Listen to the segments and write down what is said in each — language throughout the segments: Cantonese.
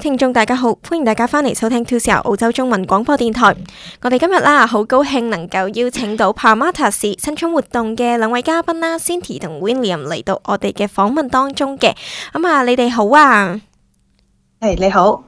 聽眾大家好，歡迎大家翻嚟收聽 2CR 澳洲中文廣播電台。我哋今日啦，好高興能夠邀請到 Parramatta 市新春活動嘅兩位嘉賓啦，Cindy 同 William 嚟到我哋嘅訪問當中嘅。咁啊，你哋好啊，誒，你好，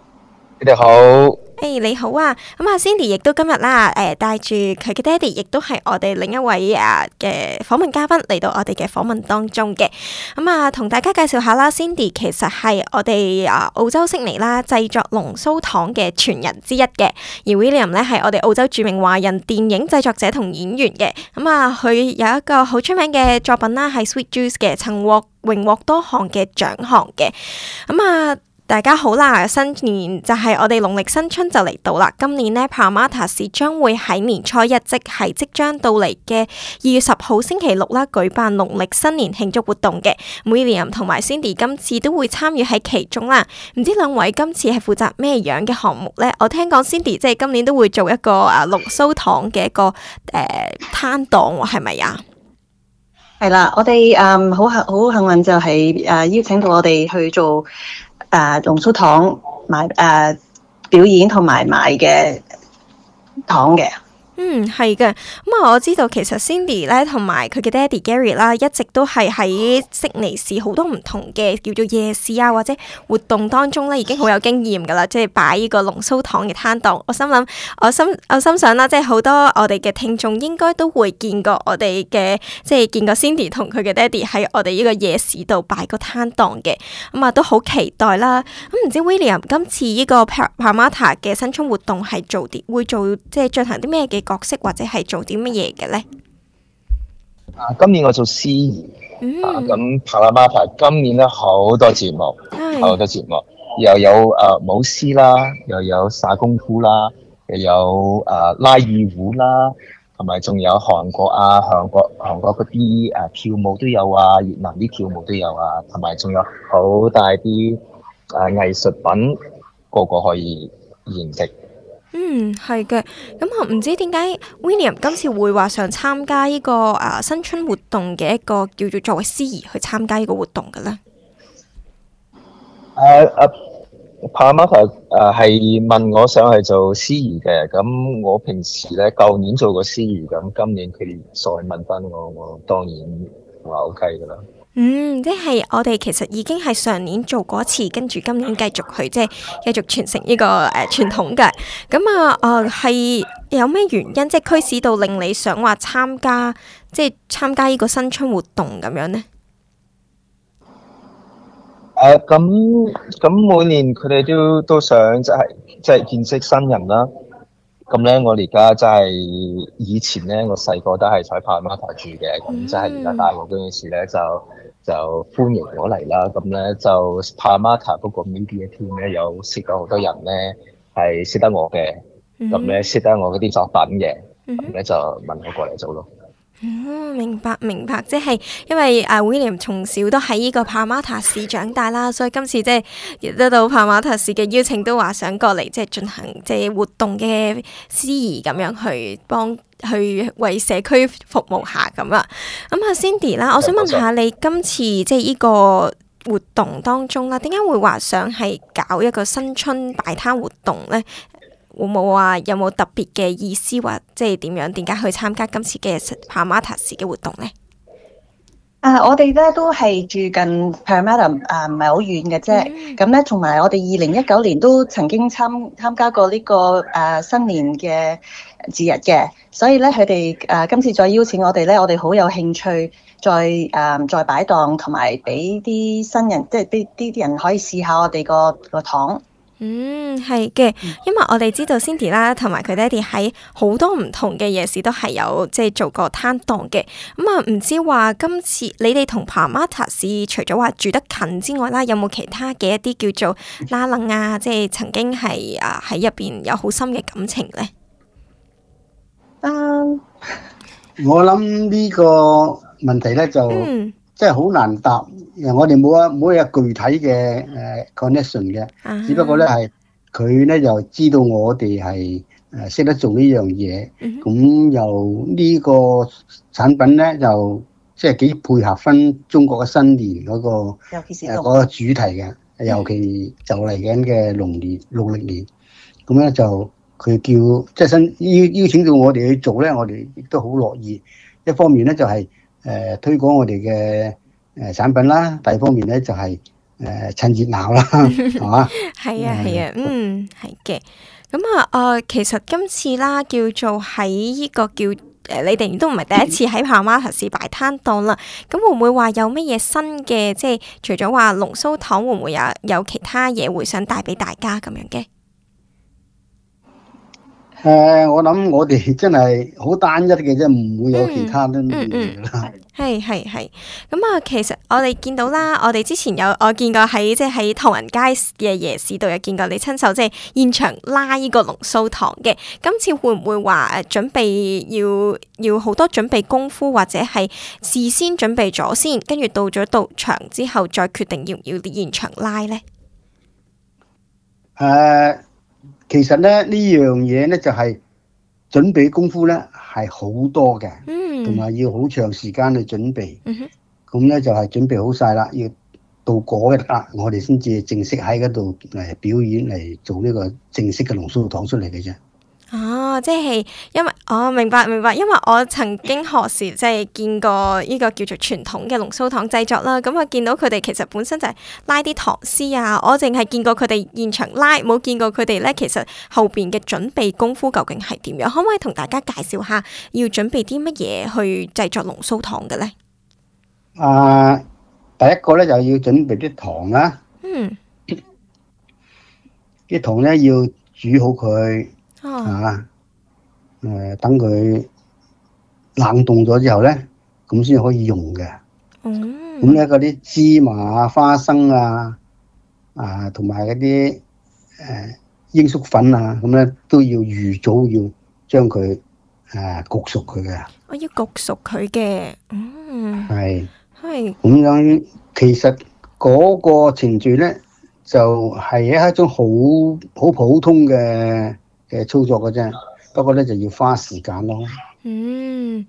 你哋好。誒，hey, 你好啊！咁啊，Cindy 亦都今日啦，誒、呃，帶住佢嘅爹哋，亦都係我哋另一位啊嘅訪問嘉賓嚟到我哋嘅訪問當中嘅。咁、嗯、啊，同大家介紹下啦，Cindy 其實係我哋啊澳洲悉尼啦製作龍鬚糖嘅傳人之一嘅。而 William 咧係我哋澳洲著名華人電影製作者同演員嘅。咁、嗯、啊，佢有一個好出名嘅作品啦，係 Sweet Juice 嘅，曾獲榮獲多項嘅獎項嘅。咁、嗯、啊。大家好啦！新年就係我哋農曆新春就嚟到啦。今年呢，Parramatta 市將會喺年初一即係即將到嚟嘅二月十號星期六啦，舉辦農曆新年慶祝活動嘅。William 同埋 Cindy 今次都會參與喺其中啦。唔知兩位今次係負責咩樣嘅項目呢？我聽講 Cindy 即係今年都會做一個誒龍鬚糖嘅一個誒攤檔，係、啊、咪呀？係啦，我哋好、um, 幸好幸運就係、是啊、邀請到我哋去做。誒，龍鬚糖買誒、啊、表演同埋賣嘅糖嘅。嗯，係嘅。咁、嗯、啊，我知道其實 Cindy 咧同埋佢嘅 Daddy Gary 啦，一直都係喺悉尼市好多唔同嘅叫做夜市啊或者活動當中咧，已經好有經驗噶啦。 即係擺呢個龍鬚糖嘅攤檔。我心諗，我心我心想啦，即係好多我哋嘅聽眾應該都會見過我哋嘅，即係見過 Cindy 同佢嘅 Daddy 喺我哋呢個夜市度擺個攤檔嘅。咁、嗯、啊，都好期待啦。咁、嗯、唔知 William 今次呢個 Parramatta 嘅新春活動係做啲會做即係進行啲咩嘅？角色或者係做啲乜嘢嘅咧？啊，今年我做司儀、mm，hmm. 啊咁拍啦嘛拍今年咧好多節目，好、mm hmm. 多節目，又有啊舞獅啦，又有耍功夫啦，又有啊、呃、拉二胡啦，同埋仲有韓國啊，韓國韓國嗰啲啊跳舞都有啊，越南啲跳舞都有啊，同埋仲有好大啲誒、啊、藝術品，個個可以演繹。嗯，係嘅。咁我唔知點解 William 今次會話想參加呢個誒、啊、新春活動嘅一個叫做作為司儀去參加呢個活動嘅咧。誒誒，Parramatta 誒係問我想去做司儀嘅。咁我平時咧舊年做過司儀，咁今年佢再問翻我，我當然話 OK 噶啦。嗯，即係我哋其實已經係上年做過一次，跟住今年繼續去即係繼續傳承呢、這個誒傳、呃、統嘅。咁、嗯、啊，誒、呃、係有咩原因即係驅使到令你想話參加即係參加呢個新春活動咁樣呢？誒、呃，咁咁每年佢哋都都想即係即係見識新人啦。咁咧，我而家真係以前咧，我細個都係在帕瑪塔住嘅，咁真係而家大個嗰陣時咧，就就歡迎我嚟啦。咁咧就帕瑪塔嗰個 media team 咧，有識到好多人咧係識得我嘅，咁咧、mm hmm. 嗯、識得我嗰啲作品嘅。咁咧就問我過嚟做咯。嗯，明白明白，即係因為阿威廉從小都喺呢個帕馬塔市長大啦，所以今次即係得到帕馬塔市嘅邀請，都話想過嚟即係進行即係活動嘅司儀咁樣去幫去為社區服務下咁啊。咁阿 Cindy 啦，我想問下你今次即係呢個活動當中啦，點解會話想係搞一個新春擺攤活動咧？會會有冇啊？有冇特別嘅意思或即係點樣？點解去參加今次嘅 Parramatta 嘅活動呢？啊、uh，我哋咧都係住近 Parramatta 唔係好遠嘅啫。咁咧、mm，同、hmm. 埋我哋二零一九年都曾經參參加過呢、呢個誒、呃、新年嘅節日嘅，所以咧佢哋誒今次再邀請我哋咧，我哋好有興趣再誒、呃、再擺檔，同埋俾啲新人即係啲啲啲人可以試下我哋個個糖。嗯，係嘅，因為我哋知道 Cindy 啦，爸爸同埋佢爹哋喺好多唔同嘅夜市都係有即係做過攤檔嘅。咁、嗯、啊，唔知話今次你哋同 Parramatta 市除咗話住得近之外啦，有冇其他嘅一啲叫做拉冷啊，即係曾經係啊喺入邊有好深嘅感情呢？Uh, 我諗呢個問題呢，就。嗯即係好難答，我哋冇啊冇啊具體嘅誒 connection 嘅，uh huh. 只不過咧係佢咧就知道我哋係誒識得做呢樣嘢，咁由呢個產品咧就即係幾配合翻中國嘅新年嗰，那個誒嗰主題嘅，尤其就嚟緊嘅龍年農曆年，咁咧，uh huh. 就佢叫即係，就是，新邀邀請到我哋去做咧，我哋亦都好樂意，一方面咧就係，是。誒、呃、推廣我哋嘅誒產品啦，第二方面咧就係、是、誒、呃、趁熱鬧啦，係嘛？係啊係啊，嗯係嘅。咁啊誒，其實今次啦，叫做喺呢個叫誒，你哋都唔係第一次喺跑馬頭市擺攤檔啦。咁會唔會話有乜嘢新嘅？即係除咗話龍鬚糖，會唔會有有其他嘢會想帶俾大家咁樣嘅？誒，uh, 我諗我哋真係好單一嘅啫，唔會有其他啲嘢啦。係係係，咁、嗯、啊、嗯，其實我哋見到啦，我哋之前有我見過喺即係喺唐人街嘅夜市度有見過你親手即係現場拉呢個龍鬚糖嘅。今次會唔會話誒，準備要要好多準備功夫，或者係事先準備咗先，跟住到咗到場之後再決定要唔要啲現場拉咧？誒。Uh, 其實咧呢樣嘢咧就係準備功夫咧係好多嘅，同埋要好長時間去準備。咁咧就係準備好晒啦，要到嗰日啊，我哋先至正式喺嗰度嚟表演嚟做呢個正式嘅龍鬚糖出嚟嘅啫。哦，即係因為，我、哦、明白明白，因為我曾經學時即係見過呢個叫做傳統嘅龍鬚糖製作啦。咁啊，見到佢哋其實本身就係拉啲糖絲啊，我淨係見過佢哋現場拉，冇見過佢哋咧。其實後邊嘅準備功夫究竟係點樣？可唔可以同大家介紹下要準備啲乜嘢，去製作龍鬚糖，嘅咧？啊，第一個咧就要準備啲糖啦。嗯，啲 糖咧要煮好佢。啊，誒，等佢冷凍咗之後咧，咁先可以用嘅。咁咧嗰啲芝麻啊、花生啊，啊，同埋嗰啲誒罌粟粉啊，咁咧都要預早要將佢誒焗熟佢嘅。我要焗熟佢嘅。係。係。咁樣其實嗰個程序咧，就係一種好好普通嘅嘅操作嘅啫，不過咧就要花時間咯。嗯，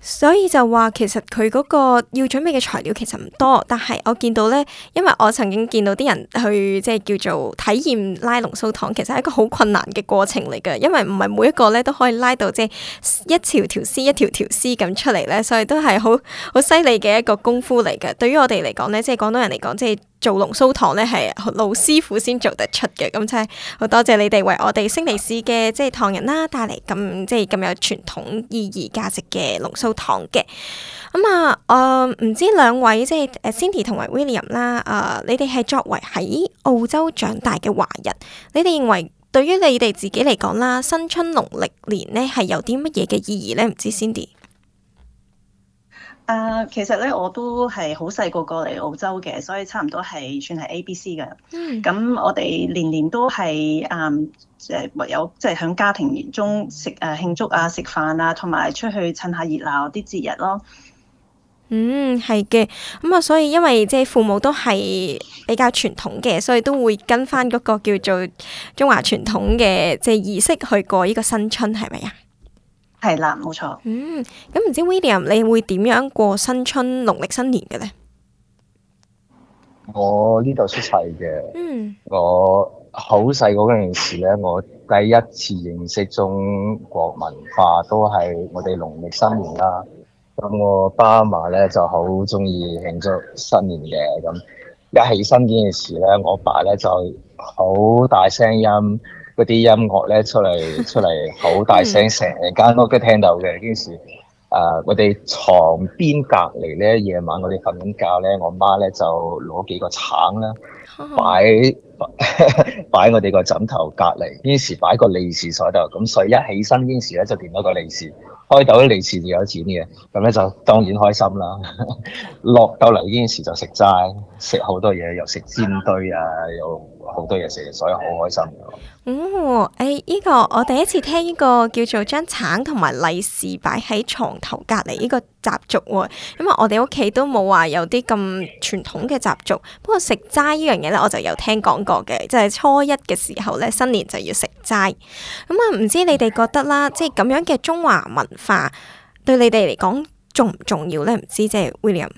所以就話其實佢嗰個要準備嘅材料其實唔多，但係我見到咧，因為我曾經見到啲人去即係叫做體驗拉龍鬚糖，其實係一個好困難嘅過程嚟嘅，因為唔係每一個咧都可以拉到即係一條條絲一條條絲咁出嚟咧，所以都係好好犀利嘅一個功夫嚟嘅。對於我哋嚟講咧，即係廣東人嚟講即係。做龍鬚糖咧係老師傅先做得出嘅，咁真係好多謝你哋為我哋悉尼市嘅即係唐人啦帶嚟咁即係咁有傳統意義價值嘅龍鬚糖嘅。咁、嗯、啊，誒、呃、唔知兩位即係 Cindy 同埋 William 啦、呃，誒你哋係作為喺澳洲長大嘅華人，你哋認為對於你哋自己嚟講啦，新春農曆年咧係有啲乜嘢嘅意義咧？唔知 Cindy。啊，uh, 其實咧我都係好細個過嚟澳洲嘅，所以差唔多係算係 ABC 嘅。咁、嗯、我哋年年都係嗯誒有即係響家庭中食誒、呃、慶祝啊、食飯啊，同埋出去趁下熱鬧啲節日咯。嗯，係嘅。咁、嗯、啊，所以因為即係父母都係比較傳統嘅，所以都會跟翻嗰個叫做中華傳統嘅即係儀式去過呢個新春係咪啊？係啦，冇錯，錯，嗯，咁唔知 William 你會點樣過新春農曆新年嘅咧？我呢度出世嘅。嗯。我好細嗰陣時咧，我第一次認識中國文化都係我哋農曆新年啦。咁我爸阿媽咧就好中意慶祝新年嘅，咁一起身嗰陣時咧，我爸咧就好大聲音。嗰啲音樂咧出嚟出嚟好大聲，成間 屋都聽到嘅。於是，誒我哋床邊隔離咧夜晚我哋瞓緊覺咧，我媽咧就攞幾個橙啦，擺擺 我哋個枕頭隔離。於是擺個利是，是，個利是 所度，咁睡一起身於是咧就掂到個利是，開到啲利是就有錢嘅，咁咧就當然開心啦。落到嚟於是就食齋，食好多嘢，又食煎堆啊，又好多嘢食，所以好開心嘅 嗯，誒、哎，依、這個我第一次聽呢、這個叫做將橙同埋利是擺喺床頭隔籬呢個習俗、哦，咁啊，我哋屋企都冇話有啲咁傳統嘅習俗。不過食齋呢樣嘢呢，我就有聽講過嘅，就係、是、初一嘅時候呢，新年就要食齋。咁、嗯、啊，唔知你哋覺得啦，即係咁樣嘅中華文化對你哋嚟講重唔重要呢？唔知即係 William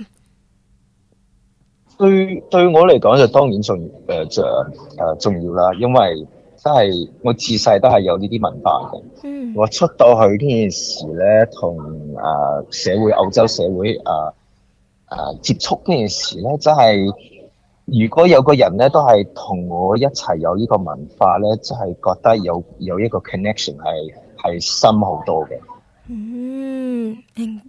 對對我嚟講就當然重誒，就、呃、重要啦，因為。真係，我自細都係有呢啲文化嘅。嗯、我出到去呢件事呢，同啊、呃、社會、澳洲社會、呃、啊啊接觸呢件事呢，真係如果有個人呢，都係同我一齊有呢個文化呢，真係覺得有有一個 connection 係係深好多嘅。嗯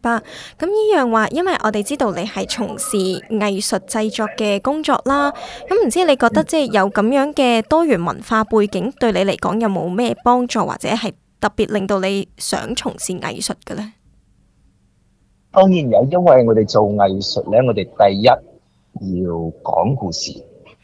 吧，咁呢樣話，因為我哋知道你係從事藝術製作嘅工作啦。咁唔知你覺得即係有咁樣嘅多元文化背景，對你嚟講有冇咩幫助，或者係特別令到你想從事藝術嘅呢？當然有，因為我哋做藝術呢，我哋第一要講故事。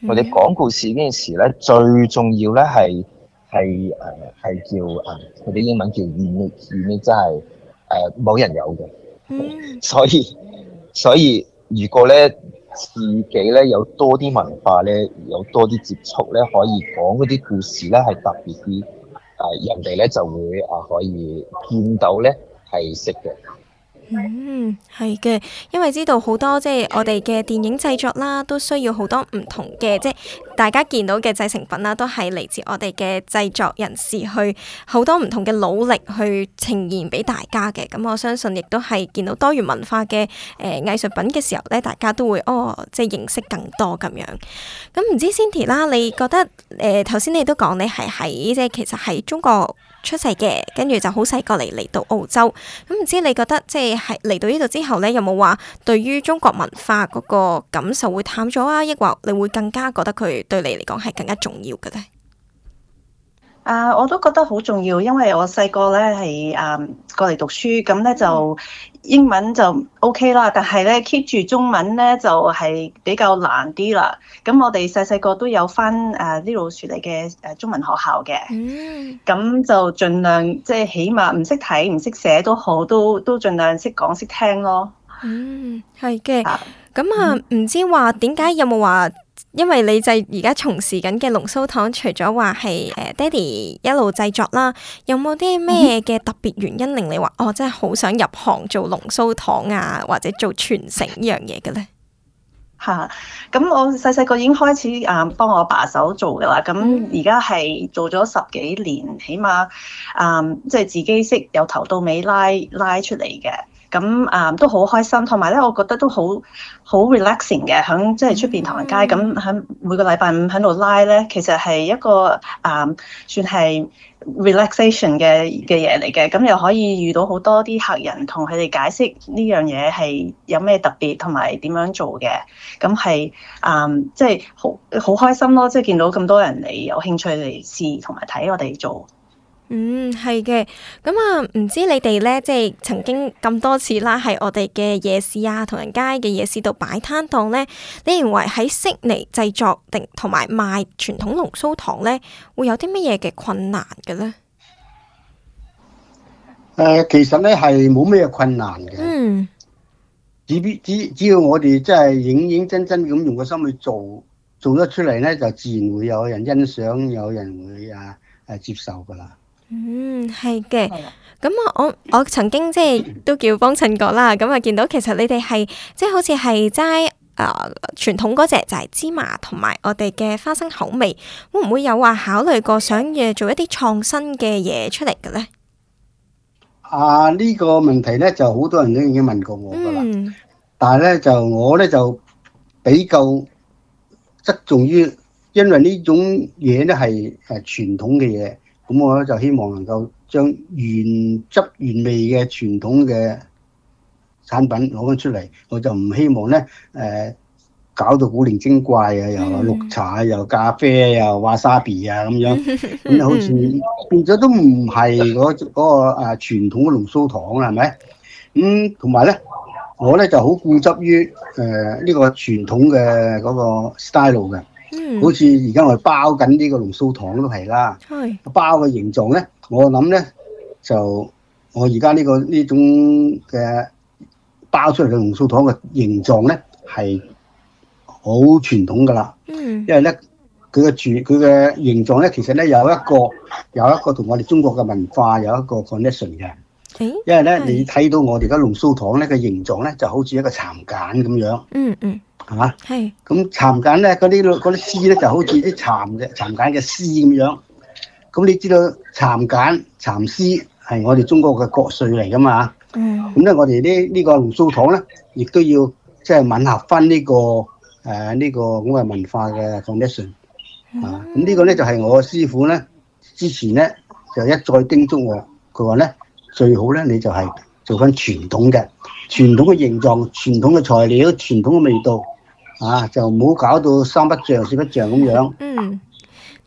我哋講故事嗰陣時呢，最重要呢係係誒係叫誒，嗰啲英文叫 unique，unique 真係誒冇人有嘅。嗯、所以，所以如果咧自己咧有多啲文化咧，有多啲接觸咧，可以講嗰啲故事咧係特別啲，誒、呃，人哋咧就會啊可以見到咧係識嘅。嗯，係嘅，因為知道好多即係我哋嘅電影製作啦，都需要好多唔同嘅即係。大家見到嘅製成品啦，都係嚟自我哋嘅製作人士去好多唔同嘅努力去呈現俾大家嘅。咁我相信亦都係見到多元文化嘅誒、呃、藝術品嘅時候咧，大家都會哦，即係認識更多咁樣。咁唔知 Cindy 啦，你覺得誒頭先你都講你係喺即係其實喺中國出世嘅，跟住就好細個嚟嚟到澳洲。咁唔知你覺得即係喺嚟到呢度之後咧，有冇話對於中國文化嗰個感受會淡咗啊？抑或你會更加覺得佢？對你嚟講係更加重要嘅咧？啊，uh, 我都覺得好重要，因為我細個咧係誒過嚟讀書，咁咧就、嗯、英文就 OK 啦，但係咧 keep 住中文咧就係、係、比較難啲啦。咁我哋細細個都有返誒啲老鼠嚟嘅誒中文學校嘅，咁、嗯、就盡量即係、就係、起碼唔識睇唔識寫都好，都都盡量識講識聽咯。嗯，係嘅。Uh, 咁啊，唔、嗯、知話點解有冇話，因為你就而家從事緊嘅龍鬚糖，除咗話係誒爹哋一路製作啦，有冇啲咩嘅特別原因令你話哦，真係好想入行做龍鬚糖啊，或者做傳承呢樣嘢嘅咧？吓、嗯，咁、啊、我細細個已經開始啊，幫、嗯、我爸手做噶啦，咁而家係做咗十幾年，起碼啊，即、嗯、係、就是、自己識由頭到尾拉拉出嚟嘅。咁啊、嗯，都好開心，同埋咧，我覺得都好好 relaxing 嘅，喺即係出邊唐人街咁，喺、嗯、每個禮拜五喺度拉咧，其實係一個啊、嗯，算係 relaxation 嘅嘅嘢嚟嘅，咁又可以遇到好多啲客人，同佢哋解釋呢樣嘢係有咩特別，同埋點樣做嘅，咁係啊，即係好好開心咯，即係見到咁多人嚟有興趣嚟試同埋睇我哋做。嗯，係嘅。咁、嗯、啊，唔知你哋呢，即係曾經咁多次啦，喺我哋嘅夜市啊、唐人街嘅夜市度擺攤檔呢，你認為喺悉尼製作定同埋賣傳統龍鬚糖呢，會有啲乜嘢嘅困難嘅呢？誒、呃，其實呢，係冇咩困難嘅。嗯，只只要我哋真係認認真真咁用個心去做做得出嚟呢，就自然會有人欣賞，有人會啊誒、啊、接受噶啦。嗯，係嘅。咁啊，我我曾經即係都叫幫襯過啦。咁啊，見到其實你哋係即係好似係齋啊，傳統嗰隻就係芝麻同埋我哋嘅花生口味，會唔會有話考慮過想要做一啲創新嘅嘢出嚟嘅咧？啊，呢個問題咧，就好多人都已經問過我噶啦。但係咧，就我咧就比較側重於，因為呢種嘢咧係誒傳統嘅嘢。咁我咧就希望能夠將原汁原味嘅傳統嘅產品攞翻出嚟，我就唔希望咧誒搞到古靈精怪啊，又綠茶、啊、又咖啡又、啊、哇沙比啊咁樣，咁好似變咗都唔係嗰嗰個啊傳統嘅龍鬚糖啦，係咪？咁同埋咧，我咧就好固執於誒呢個傳統嘅嗰個 style 嘅。嗯、好似而家我哋包緊呢個龍鬚糖都係啦，包嘅形狀咧，我諗咧就我而家呢個呢種嘅包出嚟嘅龍鬚糖嘅形狀咧係好傳統噶啦，因為咧佢嘅住佢嘅形狀咧，其實咧有一個有一個同我哋中國嘅文化有一個 connection 嘅，因為咧你睇到我哋而家龍鬚糖咧嘅形狀咧就好似一個蠶繭咁樣，嗯嗯。嚇！係咁蠶繭咧，嗰啲啲絲咧就好似啲蠶嘅蠶繭嘅絲咁樣。咁你知道蠶繭、蠶絲係我哋中國嘅國粹嚟㗎嘛？咁咧、嗯，我哋呢呢個龍素糖咧，亦都要即係吻合翻、這、呢個誒呢、啊這個咁嘅文化嘅同一順。嗯。咁呢、啊、個咧就係我師傅咧之前咧就一再叮囑我，佢話咧最好咧你就係做翻傳統嘅傳統嘅形狀、傳統嘅材料、傳統嘅味道。啊，就冇搞到三不像、四不像咁樣。嗯。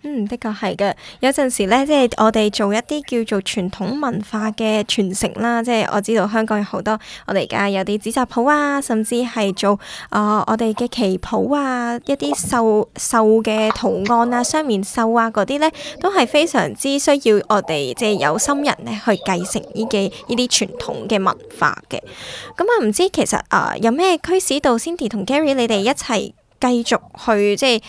嗯，的確係嘅。有陣時咧，即係我哋做一啲叫做傳統文化嘅傳承啦。即係我知道香港有好多我哋而家有啲紙紮鋪啊，甚至係做啊、呃、我哋嘅旗袍啊，一啲繡繡嘅圖案啊，雙面繡啊嗰啲咧，都係非常之需要我哋即係有心人咧去繼承呢嘅依啲傳統嘅文化嘅。咁、嗯、啊，唔知其實啊、呃，有咩驅使到 Cindy 同 Gary 你哋一齊繼續去即係？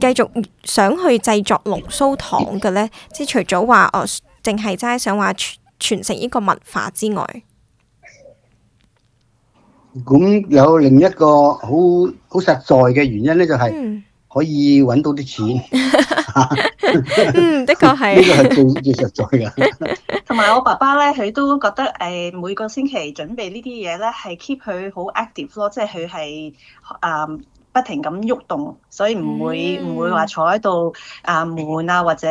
繼續想去製作龍鬚糖嘅呢，即係除咗話誒，淨係齋想話傳傳承呢個文化之外，咁有另一個好好實在嘅原因呢，就係、是、可以揾到啲錢。 嗯，的確係呢個係最 最實在嘅。同埋我爸爸呢，佢都覺得誒，每個星期準備呢啲嘢呢，係 keep 佢好 active 咯，即係佢係誒。不停咁喐動，動，所以唔會唔、嗯、會話坐喺度啊悶啊，或者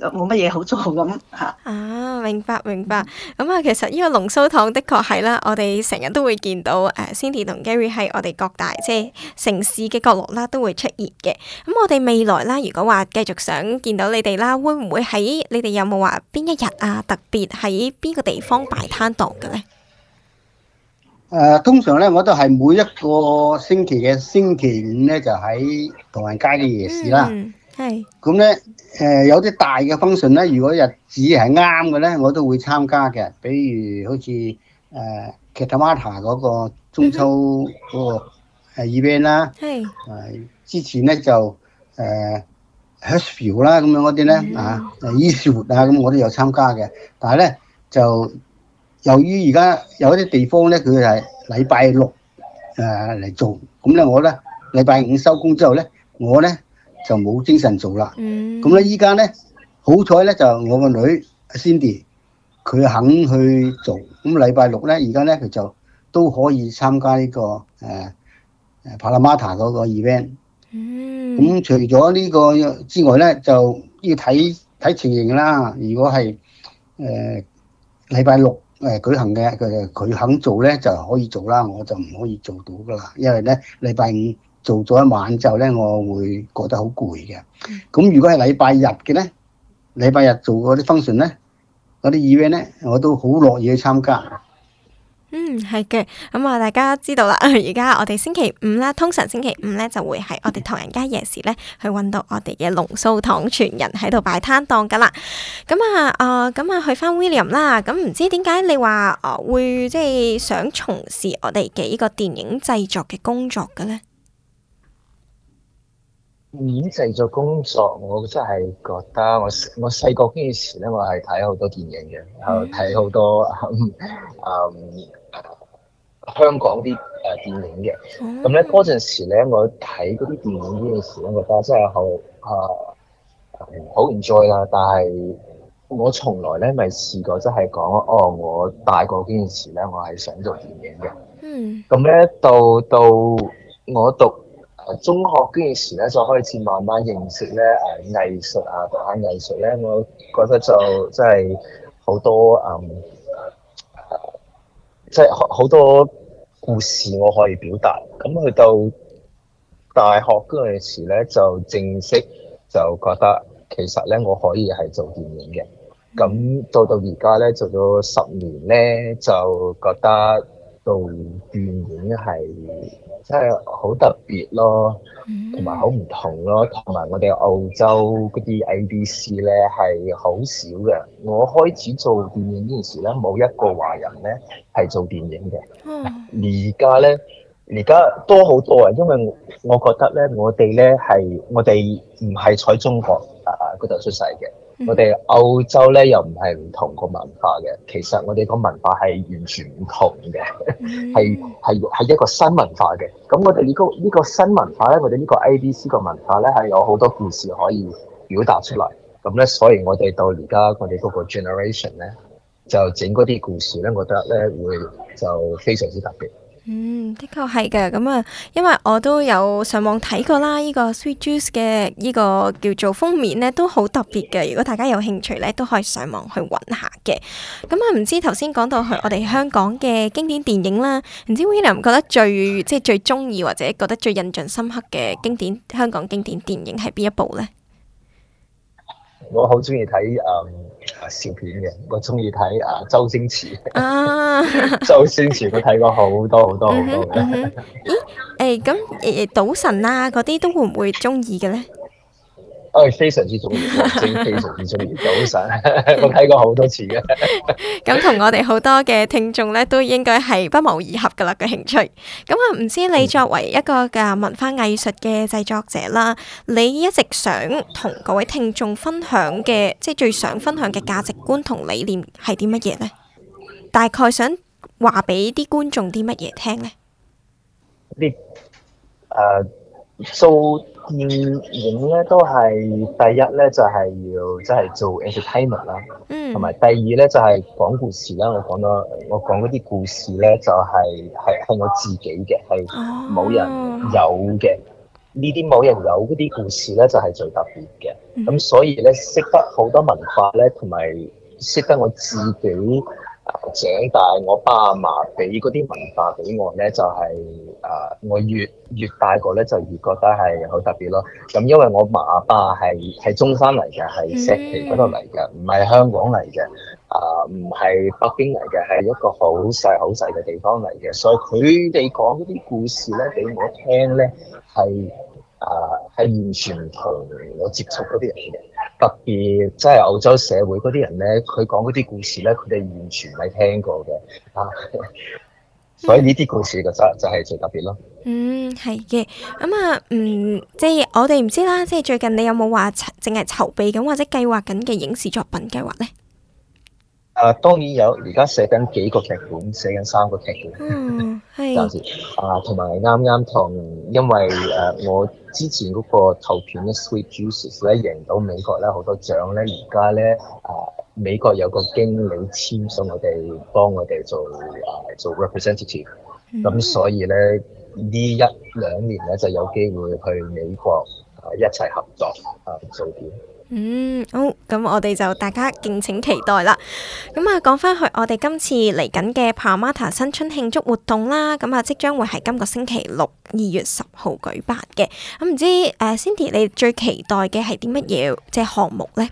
冇乜嘢好做咁啊，明白明白。咁啊，其實呢個龍鬚糖的確係啦，我哋成日都會見到誒、呃、Cindy 同 Gary 喺我哋各大即係城市嘅角落啦，都會出現嘅。咁我哋未來啦，如果話繼續想見到你哋啦，會唔會喺你哋有冇話邊一日啊？特別喺邊個地方擺攤檔嘅咧？誒、呃、通常咧，我都係每一個星期嘅星期五咧，就喺唐人街嘅夜市啦。係、嗯。咁咧，誒、呃、有啲大嘅 function 咧，如果日子係啱嘅咧，我都會參加嘅。比如好似誒、呃、Cabramatta 嗰個中秋嗰個 event 啦。係、嗯。誒之前咧就誒、呃、Hurstville 啦咁樣嗰啲咧啊，Eastwood 啊咁我都有參加嘅，但係咧就～由於而家有一啲地方咧，佢係禮拜六誒嚟做，咁咧我咧禮拜五收工之後咧，我咧就冇精神做啦。咁咧依家咧好彩咧就我個女 Cindy 佢肯去做，咁禮拜六咧，而家咧佢就都可以參加呢、這個誒誒、啊、Parramatta 嗰個 event。咁除咗呢個之外咧，就要睇睇情形啦。如果係誒、呃、禮拜六誒舉行嘅，佢佢肯做咧就可以做啦，我就唔可以做到噶啦，因為咧禮拜五做咗一晚就咧，我會覺得好攰嘅。咁如果係禮拜日嘅咧，禮拜日做嗰啲 function 咧，嗰啲 event 咧，我都好樂意去參加。嗯，係嘅。咁啊，大家知道啦。而家我哋星期五咧，通常星期五咧就會係我哋唐人街夜市咧，去搵到我哋嘅龍鬚糖傳人喺度擺攤檔噶啦。咁、嗯、啊，啊，咁啊，去翻 William 啦。咁唔知點解你話，哦，會即係想從事我哋嘅呢個電影製作嘅工作嘅咧？電影製作工作，我真係覺得我我細個嗰陣時咧，我係睇好多電影嘅，睇好、嗯啊、多、嗯啊香港啲誒電影嘅，咁咧嗰陣時咧，我睇嗰啲電影嗰陣時，我覺得真係好啊好唔 joy 啦。但係我從來咧咪試過，即係講哦，我大個嗰陣時咧，我係想做電影嘅。嗯，咁咧到到我讀中學嗰陣時咧，就開始慢慢認識咧誒藝術啊，讀下藝術咧，我覺得就真係好多嗯。即係好多故事我可以表達，咁去到大學嗰陣時咧，就正式就覺得其實咧我可以係做電影嘅，咁到到而家咧做咗十年咧，就覺得做電影係，真係好特別咯，同埋好唔同咯，同埋我哋澳洲嗰啲 A B C 咧係好少嘅。我開始做電影呢件事咧，冇一個華人咧係做電影嘅。而家咧，而家多好多啊！因為我覺得咧，我哋咧係我哋唔係喺中國啊嗰度出世嘅。我哋澳洲咧又唔係唔同個文化嘅，其實我哋個文化係完全唔同嘅，係係係一個新文化嘅。咁我哋呢個呢個新文化咧，我哋呢個 ABC 個文化咧，係有好多故事可以表達出嚟。咁咧，所以我哋到而家我哋嗰個 generation 咧，就整嗰啲故事咧，我覺得咧會就非常之特別。嗯，的確係嘅，咁啊，因為我都有上網睇過啦，呢個 Sweet Juice 嘅呢個叫做封面呢，都好特別嘅。如果大家有興趣呢，都可以上網去搵下嘅。咁啊，唔知頭先講到去我哋香港嘅經典電影啦，唔知 William 覺得最即係最中意或者覺得最印象深刻嘅經典香港經典電影係邊一部呢？我好中意睇。笑片嘅，我鍾意睇啊周星馳。周星馳我睇過好多好多好多嘅 嗯嗯。 誒，咁誒賭神啊嗰啲都會唔會鍾意嘅咧？我係非常之重要，真非常之重要。早晨，我睇過好多次嘅。咁同我哋好多嘅聽眾咧，都應該係不謀而合噶啦個興趣。咁啊，唔知你作為一個嘅文化藝術嘅製作者啦，你一直想同各位聽眾分享嘅，即係最想分享嘅價值觀同理念係啲乜嘢咧？大概想話俾啲觀眾啲乜嘢聽咧？呢，誒，蘇。電影咧都係第一咧，就係、是、要即係、就是、做 entertainment 啦，嗯，同埋第二咧就係、是、講故事啦。我講咗，我講嗰啲故事咧就係係係我自己嘅，係冇人有嘅。呢啲冇人有嗰啲故事咧就係、是、最特別嘅。咁、嗯、所以咧識得好多文化咧，同埋識得我自己。啊、長大，我爸阿媽俾嗰啲文化俾我咧，就係、是、誒、啊，我越越大個咧，就越覺得係好特別咯。咁、啊、因為我爸阿媽係係中山嚟嘅，係石岐嗰度嚟嘅，唔係香港嚟嘅，啊，唔係北京嚟嘅，係一個好細好細嘅地方嚟嘅，所以佢哋講嗰啲故事咧，俾我聽咧，係誒係完全唔同我接觸嗰啲人嘅。特別即係澳洲社會嗰啲人咧，佢講嗰啲故事咧，佢哋完全未聽過嘅啊， 所以呢啲故事嘅真就係、嗯、就係、最特別咯。嗯，係嘅，咁啊，嗯，即係我哋唔知啦，即係最近你有冇話淨係籌備緊或者計劃緊嘅影視作品計劃咧？啊，當然有，而家寫緊幾個劇本，寫緊三個劇本，暫時、嗯、啊，同埋啱啱同，因為誒、啊、我之前嗰個套片咧《Sweet Juices》咧贏到美國咧好多獎咧，而家咧啊美國有個經理簽咗我哋，幫我哋做啊做 representative，咁、嗯、所以咧呢一兩年咧就有機會去美國啊一齊合作啊做片。嗯，好，咁我哋就大家敬請期待啦。咁、嗯、啊，講翻去我哋今次嚟緊嘅 Parramatta 新春慶祝活動啦，咁、嗯、啊即將會係今個星期六二月十號舉辦嘅。咁、嗯、唔知誒、呃、Cindy 你最期待嘅係啲乜嘢即係項目咧？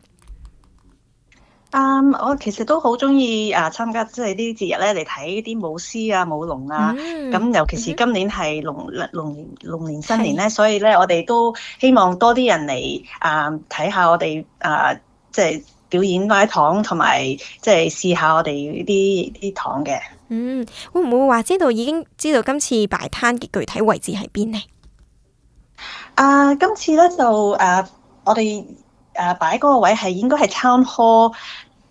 啱，um, 我其實都好中意啊，參加即係呢啲節日咧嚟睇啲舞獅啊、舞龍啊。咁尤其是今年係龍龍年、龍、嗯、年新年咧，是的 所以咧我哋都希望多啲人嚟啊睇下我哋啊即係表演啲糖，同埋即係試下我哋呢啲啲糖嘅。嗯，呃、嗯會唔會話知道已經知道今次擺攤嘅具體位置喺邊呢？啊，今次咧就啊，我哋啊擺嗰個位係應該係 town hall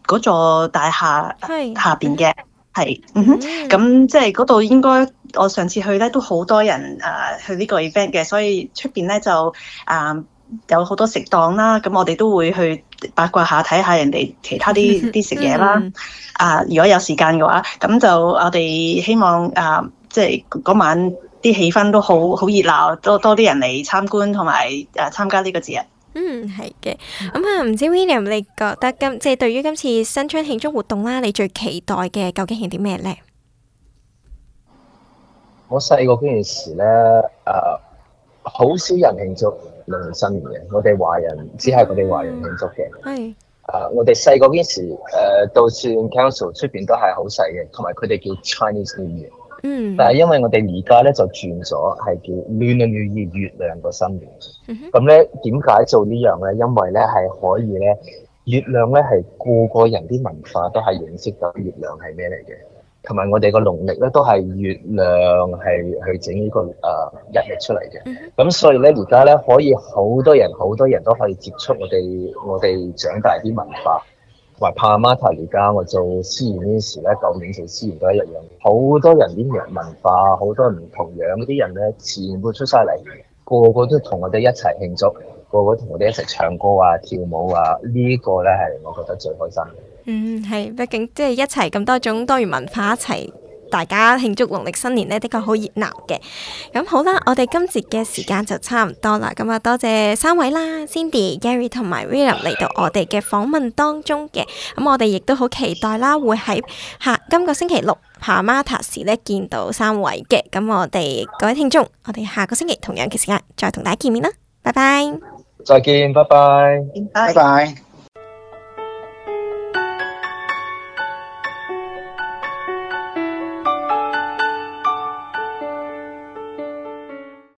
嗰座大廈下下邊嘅，係是，咁即係嗰度應該我上次去咧都好多人啊、呃、去呢個 event 嘅，所以出邊咧就啊、呃、有好多食檔啦，咁我哋都會去八卦下睇下人哋其他啲啲食嘢啦，啊、 呃、如果有時間嘅話，咁就我哋希望啊即係嗰晚啲氣氛都好好熱鬧，多多啲人嚟參觀同埋啊參加呢個節日。嗯，係嘅。咁、嗯、啊，唔知 William，你覺得今即係對於今次新春慶祝活動啦，你最期待嘅究竟係啲咩咧？我細個嗰陣時咧，誒、呃，好少人慶祝農曆新年嘅。我哋華人只係我哋華人慶祝嘅。係啊、嗯呃，我哋細個嗰陣時，誒、呃，到算 Council 出邊都係好細嘅，同埋佢哋叫 Chinese New Year。嗯，但係因為我哋而家咧就轉咗，係叫暖暖月月亮個新年。咁咧點解做呢樣咧？因為咧係可以咧，月亮咧係每個人啲文化都係認識到月亮係咩嚟嘅，同埋我哋個農曆咧都係月亮係去整呢個誒一、呃、日曆，出嚟嘅。咁、嗯、哼所以咧而家咧可以好多人好多人都可以接觸我哋我哋長大啲文化。我怕阿媽提，而家我做司儀呢時咧，舊年做司儀都係一樣。好多人啲人文化，好多唔同樣啲人咧，自然會出晒嚟，個個都同我哋一齊慶祝，個個同我哋一齊唱歌啊、跳舞啊，呢個咧係我覺得最開心。嗯，係，畢竟即係一齊咁多種多元文化一齊。大家慶祝農曆新年呢，的確好熱鬧嘅。咁好啦，我哋今節嘅時間就差唔多啦。咁啊，多謝三位啦，Cindy、Gary 同埋 William 嚟到我哋嘅訪問當中嘅。咁我哋亦都好期待啦，會喺下今個星期六 Parramatta 市呢見到三位嘅。咁我哋各位聽眾，我哋下個星期同樣嘅時間再同大家見面啦。拜拜，再見，拜拜，拜拜。拜拜。